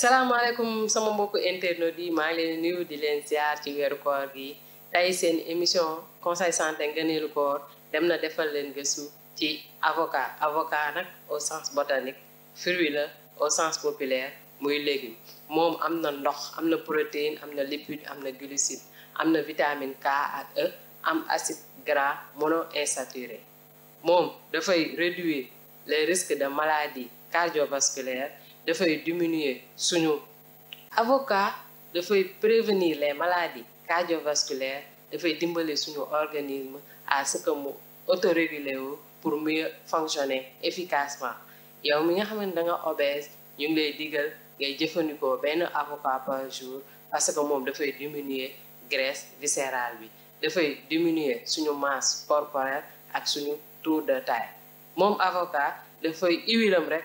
salaamaaleykum sama mbokku internet yi maa ngi leen nuyu di leen ziar ci weeru koor gi tey seen émission conseil santé ngëneelu koor dem na defal leen gëstu ci avocat avocat nag au sens botanique fruit la au sens populaire muy légume moom am na ndox am na protéine am na lipide am na glucide am na vitamine K ak E am acide gras monoinsaturé moom dafay réduire les risques de maladies cardiovasculaires dafay diminuer suñu avocat dafay prévenir les maladies cardiovasculaires dafay dimbale suñu organisme à ce que mu autoréguler pour mieux fonctionner efficacement yow mi nga xamné da nga obèse ñu ngi lay digal ngay ben avocat par jour parce que moom dafay diminuer graisse viscérale bi dafay diminuer suñu masse corporelle ak suñu tour de taille moom avocat dafay huilam rek